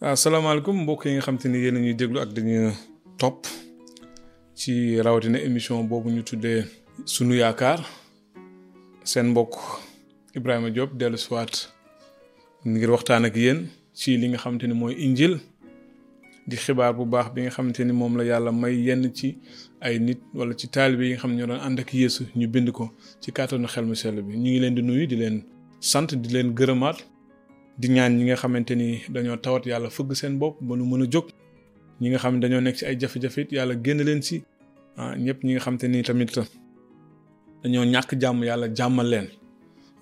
waaw ah, salaamaaleykum mbokk yi nga xam te ni yéen a ñuy déglu ak dañuy topp ci rawatina émission boobu ñu tuddee sunu yaakaar seen mbokk Ibrahima Diop dellu ngir waxtaan ak yéen ci li nga xam ni mooy injil di xibaar bu baax bi nga xamante ni moom la yàlla may yenn ci ay nit wala ci taalibe yi nga xam ne ñoo doon ànd ak yéesu ñu bind ko ci kàttanu xel mu sell bi ñu ngi leen di nuyu di leen sant di leen gërëmaat di ñaan ñi nga xamante ni dañoo tawat yàlla fëgg seen bopp ba nu mën a jóg ñi nga xam dañoo nekk ci ay jafe-jafe it yàlla génn leen si ah ñëpp ñi nga xamante ni tamit dañoo ñàkk jàmm yàlla jàmmal leen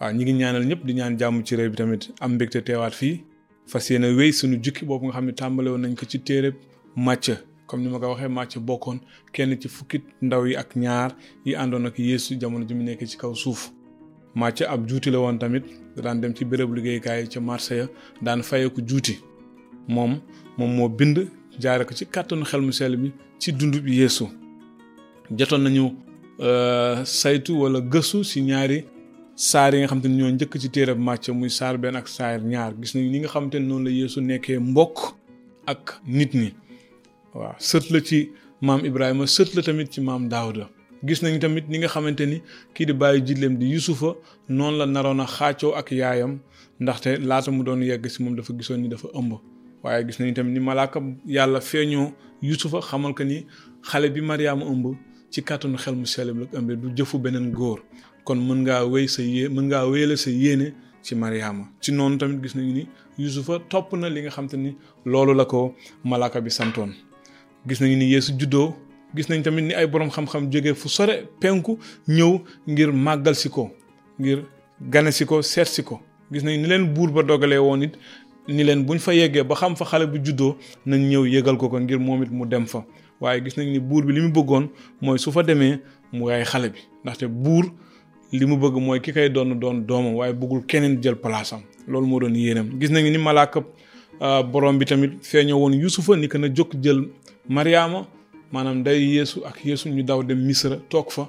waaw ñi ngi ñaanal ñëpp di ñaan jàmm ci réew bi tamit am mbégte teewaat fii fas yéene wéy suñu jukki boobu nga xam ne tàmbale woon nañ ko ci téereb màcc comme ni ma ko waxee màcc bokkoon kenn ci fukkit ndaw yi ak ñaar yi àndoon ak yeesu jamono ji mu nekk ci kaw suuf Mathieu ab juuti la woon tamit daan dem ci béréb liggéeykaay ca marché ya daan fayeeku juuti moom moom moo bind jaare ko ci kàttanu xel mu sell bi ci dundu bi yeesu jotoon nañu euh, saytu wala gëstu si ñaari saar yi nga xamte te ñoo njëkk ci téereb Mathieu muy saar benn ak saar ñaar gis nañu ni nga xam te noonu la yeesu nekkee mbokk ak nit ñi waaw sët la ci maam Ibrahima sët la tamit ci maam Daawuda gis nañ tamit ni nga xamante ni kii di bàyyi jidleem di yusufa noonu la naroon a xaacoo ak yaayam ndaxte laata mu doon yegg si moom dafa gisoon ni dafa ëmb waaye gis nañ tamit ni malaaka yàlla feeñoo yusufa xamal ko ni xale bi mariama ëmb ci kàttanu xel mu selib la ëmbe du jëfu beneen góor kon mën ngaa wéy sa yé mën ngaa wéyale sa yéene ci mariama ci noonu tamit gis nañu ni yusufa topp na li nga xamante ni loolu la ko malaaka bi santoon gis nañu ni yeesu juddoo gis nañ tamit ni ay borom xam-xam jóge fu sore penku ñëw ngir màggal si ko ngir gane si ko seet si ko gis nañ ni leen buur ba dogalee woon it ni leen buñ fa yeggee ba xam fa xale bu juddoo nañ ñëw yëgal ko ko ngir moom mu dem fa waaye gis nañ ni buur bi li mu bëggoon mooy su fa demee mu yaay xale bi ndaxte buur li mu bëgg mooy ki koy doon doon doomam waaye bëggul keneen jël place am loolu moo doon yéenam gis nañ ni malaaka borom bi tamit feeñoo woon yusufa ni ko na jóg jël mariama maanaam day yéesu ak yeesu ñu daw dem misra toog fa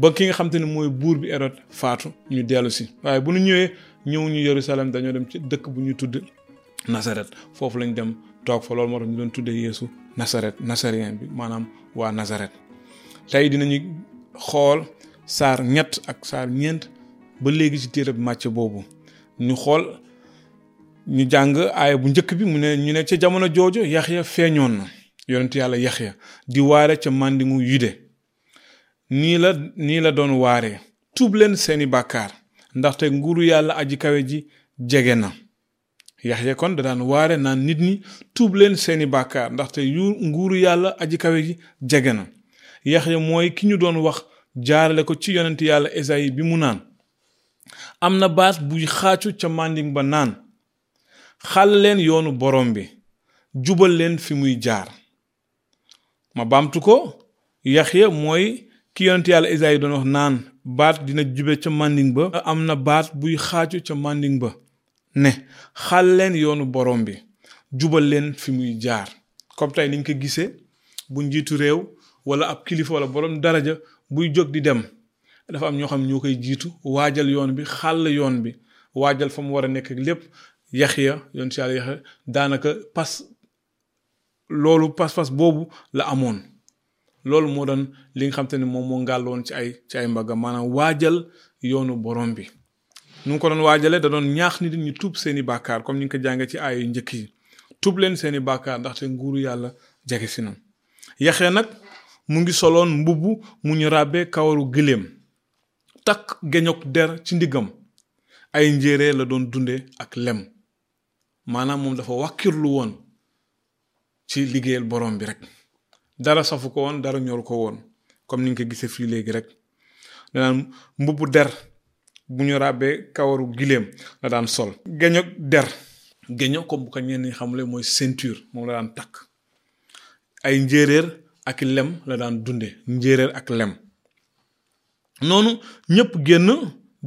ba ki nga xam ne mooy buur bi erod faatu ñu dellu si waaye bu ñu ñëwee ñëw ñu Yerusalem dañoo dem ci dëkk bu ñu tudd Nasaret foofu lañ dem toog fa loolu moo tax ñu doon tuddee yéesu Nasaret Nasarien bi maanaam waa Nasaret tey dinañu xool saar ñett ak saar ñeent ba léegi ci téere bi màcc boobu ñu xool ñu jàng aaya bu njëkk bi mu ne ñu ne ca jamono jooju Yaxya feeñoon na yonent yàlla yaxya di waare ca màndingu yude nii la nii la doon waaree tuub leen seeni bàkkaar ndaxte nguuru yàlla aji kawe ji jege na yaxya kon daan waare naan nit ñi tuub leen seeni bàkkaar ndaxte yu nguuru yàlla aji kawe ji jege na yaxya mooy ki ñu doon wax jaarale ko ci yonent yàlla esayi bi mu naan am na baat buy xaacu ca mànding ba naan xàll leen yoonu borom bi jubal leen fi muy jaar ma baamtu ko yaxya mooy ki yonent yàlla Isaayi doon wax naan baat dina jube ca mànding ba am na baat buy xaaju ca mànding ba ne xal leen yoonu boroom bi jubal leen fi muy jaar comme tey niñ ko gisee bu njiitu réew wala ab kilifa wala borom daraja buy jóg di dem dafa am ñoo xam ñoo koy jiitu waajal yoon bi xàll yoon bi waajal fa mu war a nekk lépp yaxya yoon si yàlla yaxya daanaka pas loolu pas-pas boobu la amoon loolu moo doon li nga xam ne moom moo ngàlloon ci ay ci ay mbagga maanaam waajal yoonu borom bi nu ngi ko doon waajalee da doon ñaax nit ñi tuub seeni bàkkaar comme ni nga ko jàngee ci ay njëkk yi tuub leen seeni bàkkaar ndaxte nguuru yàlla jege si na yaxee nag mu ngi soloon mbubb mu ñu ràbbee kawaru gëléem takk geñoog der ci ndiggam ay njéere la doon dunde ak lem maanaam moom dafa wàkkirlu woon ci liggéeyal borom bi rek dara safu ko woon dara ñor ko woon comme ni nga ko gisee fii léegi rek danaan mbubbu der bu ñu ràbbee kawaru giléem la daan sol. geño der geño comme bu ko ñi xamule mooy ceinture moom la daan takk ay njéeréer ak lem la daan dunde njéeréer ak lem noonu ñëpp génn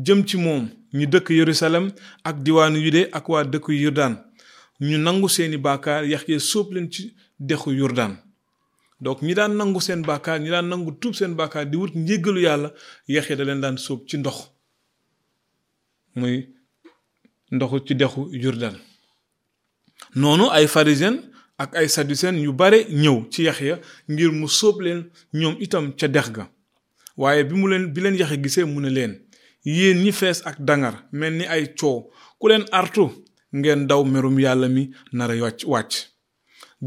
jëm ci moom ñu dëkk Yerusalem ak diwaanu Yude ak waa dëkk Yordaan ñu nangu seeni bàkkaar yax yee sóob leen ci dexu yurdaan donc ñi daan nangu seen bàkkaar ñi daan nangu tub seen bàkkaar di wut njéggalu yàlla yax da leen daan sóob ci ndox muy ndoxu ci dexu yurdaan noonu ay pharisiens ak ay sadducéens yu bare ñëw ci yax ya ngir mu sóob leen ñoom itam ca dex ga waaye bi mu leen bi leen yax gisee mu ne leen yéen ñi fees ak dangar mel ni ay coow ku leen artu ngeen daw merum yàlla mi nara wàcc wàcc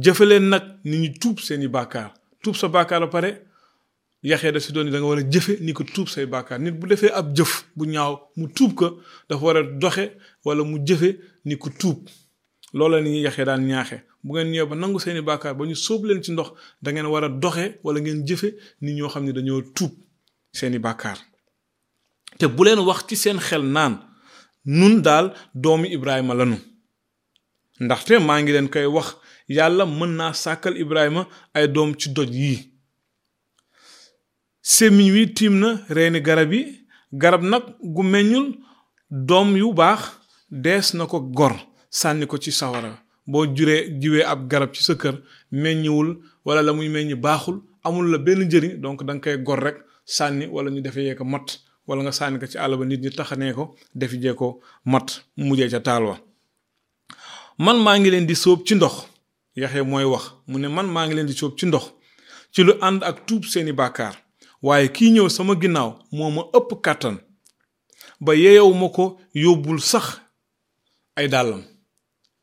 jëfe leen nag ni ñu tuub seeni bàkkaar tuub sa bàkkaar ba pare yaxee da si doon da nga war a jëfe ni ko tuub say bàkkaar nit bu defee ab jëf bu ñaaw mu tuub ko dafa war a doxe wala mu jëfe ni ko tuub loola ni yaxee daan ñaaxe bu ngeen ñëw ba nangu seeni bàkkaar ba ñu sóob leen ci ndox da war a doxe wala ngeen jëfe ni ñoo xam ne dañoo tuub seeni bàkkaar te bu leen wax ci seen xel naan nun daal doomu Ibrahima lanu ndaxte maa ngi leen koy wax yàlla mën naa sàkkal Ibrahima ay doom ci doj yii semiñ wi tiim na reeni garab yi garab nag gu meññul doom yu baax dees na ko gor sànni ko ci sawara boo juree jiwee ab garab ci sa kër meññiwul wala la muy meññi baaxul amul la benn njëriñ donc danga nga koy gor rek sànni wala ñu defee yee ko mot wala nga sànni ko ci àll ba nit ñi taxanee ko defi ko mat mujjee ca taal wa man maa ngi leen di sóob ci ndox yaxe mooy wax mu ne man maa ngi leen di sóob ci ndox ci lu ànd ak tuub seeni bàkkaar waaye kii ñëw sama ginnaaw moo ma ëpp kàttan ba yeeyow ma ko yóbbul sax ay dàllam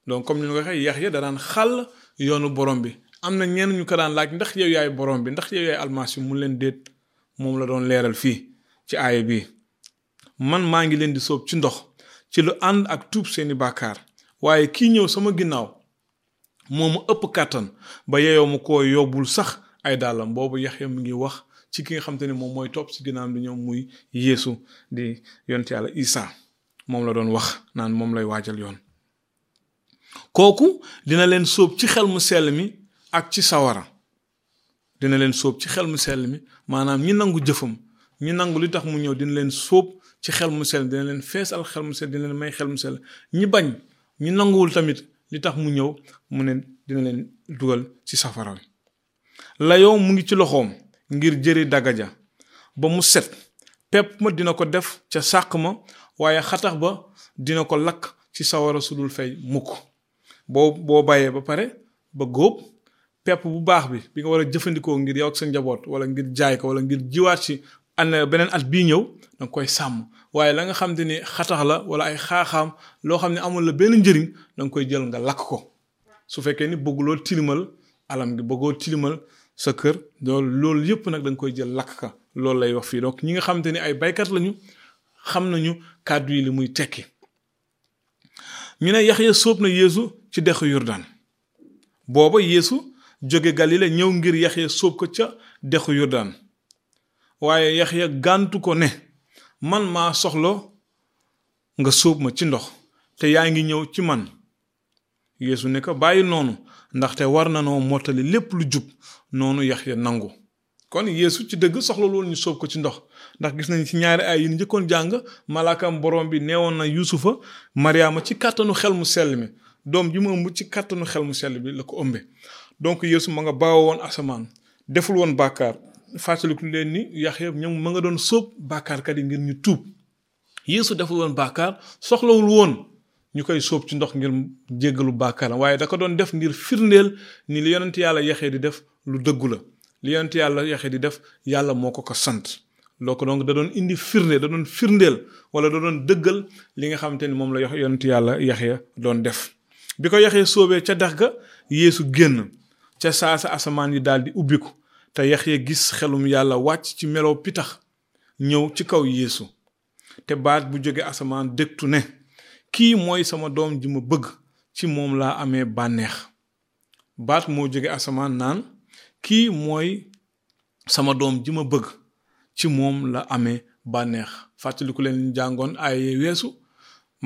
donc comme ni ko waxee yax ya danaan xàll yoonu borom bi am na nyukaran ñu ko daan laaj ndax yow yaay borom bi ndax yow yaay almas mu leen déet moom la doon leeral fii ci aay bi man maa ngi leen di soob ci ndox ci lu ànd ak tuub seeni bàkkaar waaye kii ñëw sama ginnaaw moomu ëpp kàttan ba yeyoo mu ko yóbbul sax ay dàllam boobu Yaxya mu ngi wax ci ki nga xam te moom mooy topp si ginnaawam di ñëw muy yéesu di yont yàlla Isa moom la doon wax naan moom lay waajal yoon kooku dina leen sóob ci xel mu sell mi ak ci sawara dina leen sóob ci xel mu sell mi maanaam ñi nangu jëfam ñu nangu li tax mu ñëw dina leen sóob ci xel mu sell dina leen feesal xel mu sell may xel mu sell ñi bañ ñu nanguwul tamit li tax mu ñëw mu ne dina leen dugal ci safara layoo mu ngi ci loxoom ngir jëri dagga ja ba mu set pepp ma dina ko def ca sàq ma waaye xatax ba dina ko lakk ci sawara su dul fay mukk boo boo bàyyee ba pare ba góob pepp bu baax bi bi nga war a jëfandikoo ngir yow ak sa njaboot wala ngir jaay ko wala ngir jiwaat si an euh, beneen at bii ñëw danga koy sàmm waaye la nga xam te ni xatax la wala ay xaaxaam loo xam ne amul la benn njëriñ danga koy jël nga lakk ko su fekkee ni bëgguloo tilimal alam gi bëggoo tilimal sa kër loolu loolu yëpp nag da koy jël lakk ka loolu lay wax fii donc ñi nga xam te ni ay baykat lañu xam nañu kàddu yi li muy tekki ñu ne Yaxya sóob na yéesu ci dexu Yordaan booba yéesu jóge Galile ñëw ngir Yaxya sóob ko ca dexu Yordaan waaye yaxya gàntu ko ne man maa soxla nga suub ma ci ndox te yaa ngi ñëw ci man yeesu ne ko bàyyi noonu ndaxte war na noo mottali lépp lu jub noonu yaxya nangu kon yeesu ci dëgg soxla ñu soob ko ci ndox ndax gis nañ ci ñaari ay yi ñu njëkkoon jàng malaakam borom bi neewoon na yusufa mariama ci kàttanu xel mu sell mi doom ji mu ëmb ci kàttanu xel mu sell bi la ko ëmbe donc yeesu ma nga asamaan deful woon bàkkaar fàttaliku leen ni yaxya ñoom ma nga doon sóob bàkkaarkat kadi ngir ñu tuub yeesu deful woon bàkkaar soxlawul woon ñu koy sóob ci ndox ngir jéggalu bàkkaaram waaye da ko doon def ngir firndeel ni li yonent yàlla yaxya di def lu dëggu la li yonent yàlla di def yàlla moo ko ko sant loko donc da doon indi firnde da doon firndeel wala da doon dëggal li nga xamante ni moom la yonent yàlla yaxya doon def bi ko yaxee soobee ca ga génn ca saasa asamaan yi di ubiku. te Yaxya gis xelum yàlla wàcc ci melo pitax ñëw ci kaw yéesu te baat bu jóge asamaan dégtu ne kii mooy sama doom ji ma bëgg ci moom laa amee bànneex baat moo jóge asamaan naan kii mooy sama doom ji ma bëgg ci moom la amee bànneex fàttaliku leen njàngoon ay weesu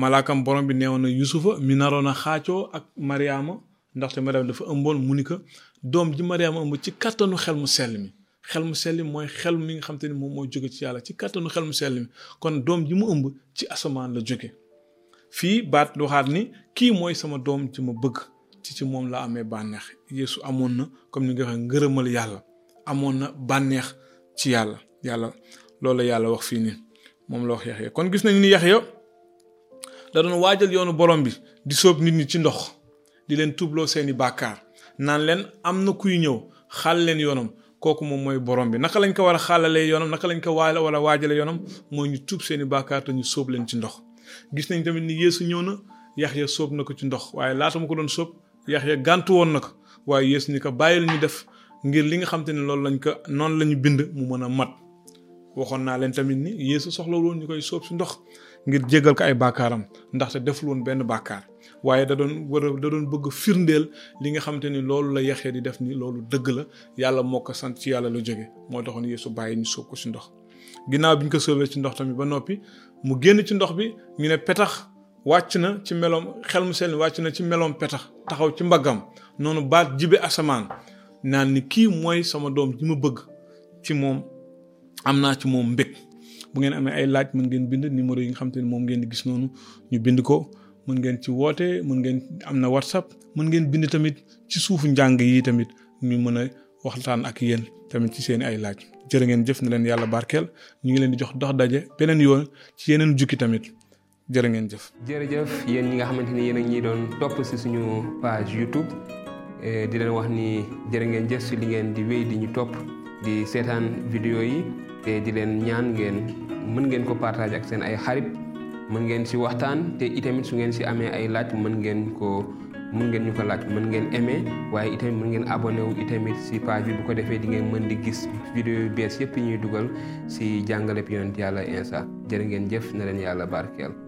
malaakam borom bi neewoon na yusufa mi naroon a xaacoo ak mariama ndaxte mariam dafa ëmboon mu ni ko doom ji mariam ëmb ci kàttanu xel mu sell mi xel mu sell mi mooy xel mi nga xam te ni moom moo jóge ci yàlla ci kàttanu xel mu sell mi kon doom ji mu ëmb ci asamaan la jóge fii baat waxaat ni kii mooy sama doom ci ma bëgg ci ci moom la amee bànneex yeesu amoon na comme ni nga waxee ngërëmal yàlla amoon na bànneex ci yàlla yàlla loolu la yàlla wax fii ni moom la wax yax kon gis nañu ni yax da doon waajal yoonu borom bi di sóob nit ñi ci ndox di leen tubloo seeni bàkkaar naan leen am na kuy ñëw xaal leen yoonam kooku moom mooy borom bi naka lañ ko war a xàllalee yoonam naka lañ ko waale wala waajale yoonam mooy ñu tuub seeni bàkkaar te ñu sóob leen ci ndox gis nañ tamit ni yeesu ñëw na yax ya sóob na ko ci ndox waaye laata ma ko doon sóob yax ya gàntu woon na ko waaye yeesu ni ko bàyyil ñu def ngir li nga xamante te ne loolu lañ ko noonu la ñu bind mu mën a mat waxoon naa leen tamit ni yeesu soxla woon ñu koy sóob si ndox ngir jégal ko ay bàkkaaram ndaxte deful woon benn bàkkaar waaye da doon war a bëgg firndeel li nga xamante ni loolu la yaxee di def ni loolu dëgg la yàlla moo ko sant ci yàlla lu jóge moo taxoon Yeesu bàyyi ñu sóob ko si ndox ginnaaw bi ñu ko sóobee ci ndox tamit ba noppi mu génn ci ndox bi ñu ne petax wàcc na ci meloom xel mu sell wàcc na ci meloom petax taxaw ci mbaggam noonu baat jibe asamaan naan ni kii mooy sama doom ji ma bëgg ci moom am naa ci moom mbég bu ngeen amee ay laaj mën ngeen bind numéro yi nga xam te moom ngeen di gis noonu ñu bind ko mën ngeen ci woote mën ngeen am na whatsapp mën ngeen bind tamit ci suufu njàng yi tamit ñu mën a waxtaan ak yéen tamit ci seen ay laaj jërë ngeen jëf na leen yàlla barkeel ñu ngi leen di jox dox daje beneen yoon ci yeneen jukki tamit jërë ngeen jëf jërëjëf yéen ñi nga xamante ni yéen a ñi doon topp si suñu page youtube e, di leen wax ni jërë ngeen jëf si li ngeen di wéy di ñu topp di seetaan vidéo yi te di leen ñaan ngeen mën ngeen ko partage ak seen ay xarit mën ngeen si waxtaan te itamit su ngeen si amee ay laaj mën ngeen ko mën ngeen ñu ko laaj mën ngeen aimé waaye itamit mën ngeen abonné wu itamit si page bi bu ko defee di ngeen mën di gis vidéo bees yëpp yi ñuy dugal si janggale yonent yàlla insa jërë ngeen jëf na leen yàlla barkeel